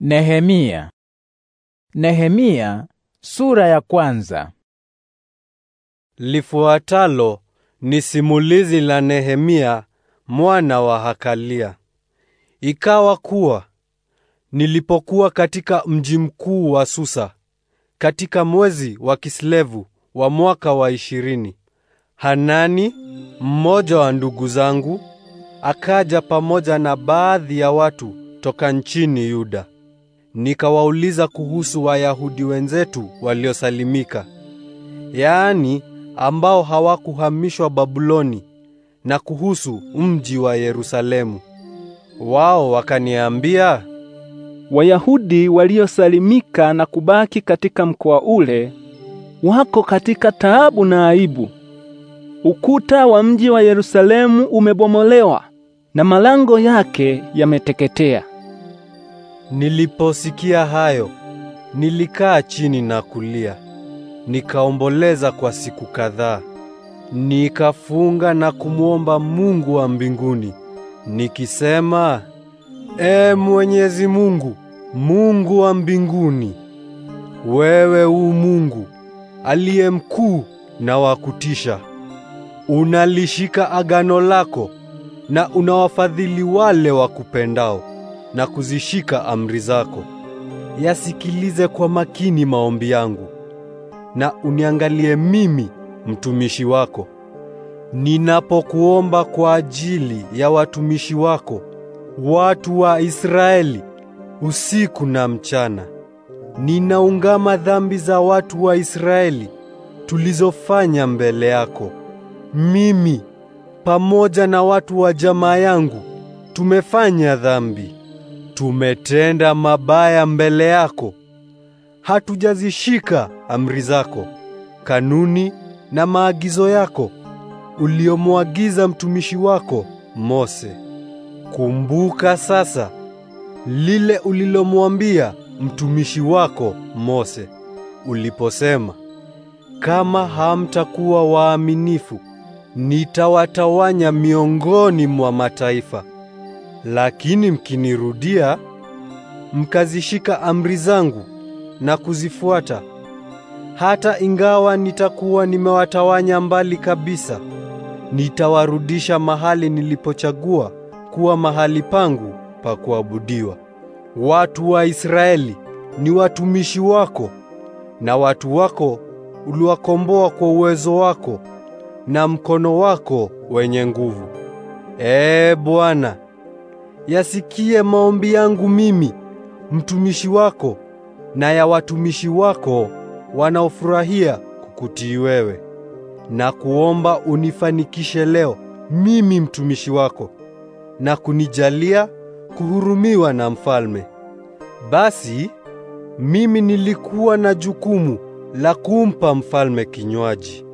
Nehemia. Nehemia sura ya kwanza. Lifuatalo ni simulizi la Nehemia mwana wa Hakalia. Ikawa kuwa nilipokuwa katika mji mkuu wa Susa katika mwezi wa Kislevu wa mwaka wa ishirini, Hanani mmoja wa ndugu zangu akaja pamoja na baadhi ya watu toka nchini Yuda nikawauliza kuhusu Wayahudi wenzetu waliosalimika, yaani ambao hawakuhamishwa Babuloni, na kuhusu mji wa Yerusalemu. Wao wakaniambia, Wayahudi waliosalimika na kubaki katika mkoa ule wako katika taabu na aibu. Ukuta wa mji wa Yerusalemu umebomolewa na malango yake yameteketea. Niliposikia hayo, nilikaa chini na kulia, nikaomboleza kwa siku kadhaa. Nikafunga na kumwomba Mungu wa mbinguni nikisema, E Mwenyezi Mungu, Mungu wa mbinguni, wewe u Mungu aliye mkuu na wa kutisha, unalishika agano lako na unawafadhili wale wakupendao na kuzishika amri zako. Yasikilize kwa makini maombi yangu na uniangalie mimi mtumishi wako ninapokuomba kwa ajili ya watumishi wako watu wa Israeli usiku na mchana. Ninaungama dhambi za watu wa Israeli tulizofanya mbele yako. Mimi pamoja na watu wa jamaa yangu tumefanya dhambi tumetenda mabaya mbele yako, hatujazishika amri zako, kanuni na maagizo yako uliyomwagiza mtumishi wako Mose. Kumbuka sasa lile ulilomwambia mtumishi wako Mose uliposema, kama hamtakuwa waaminifu nitawatawanya miongoni mwa mataifa. Lakini mkinirudia mkazishika amri zangu na kuzifuata, hata ingawa nitakuwa nimewatawanya mbali kabisa, nitawarudisha mahali nilipochagua kuwa mahali pangu pa kuabudiwa. Watu wa Israeli ni watumishi wako, na watu wako uliwakomboa kwa uwezo wako na mkono wako wenye nguvu. Ee Bwana, yasikie maombi yangu mimi mtumishi wako na ya watumishi wako wanaofurahia kukutii wewe, na kuomba unifanikishe leo mimi mtumishi wako na kunijalia kuhurumiwa na mfalme. Basi mimi nilikuwa na jukumu la kumpa mfalme kinywaji.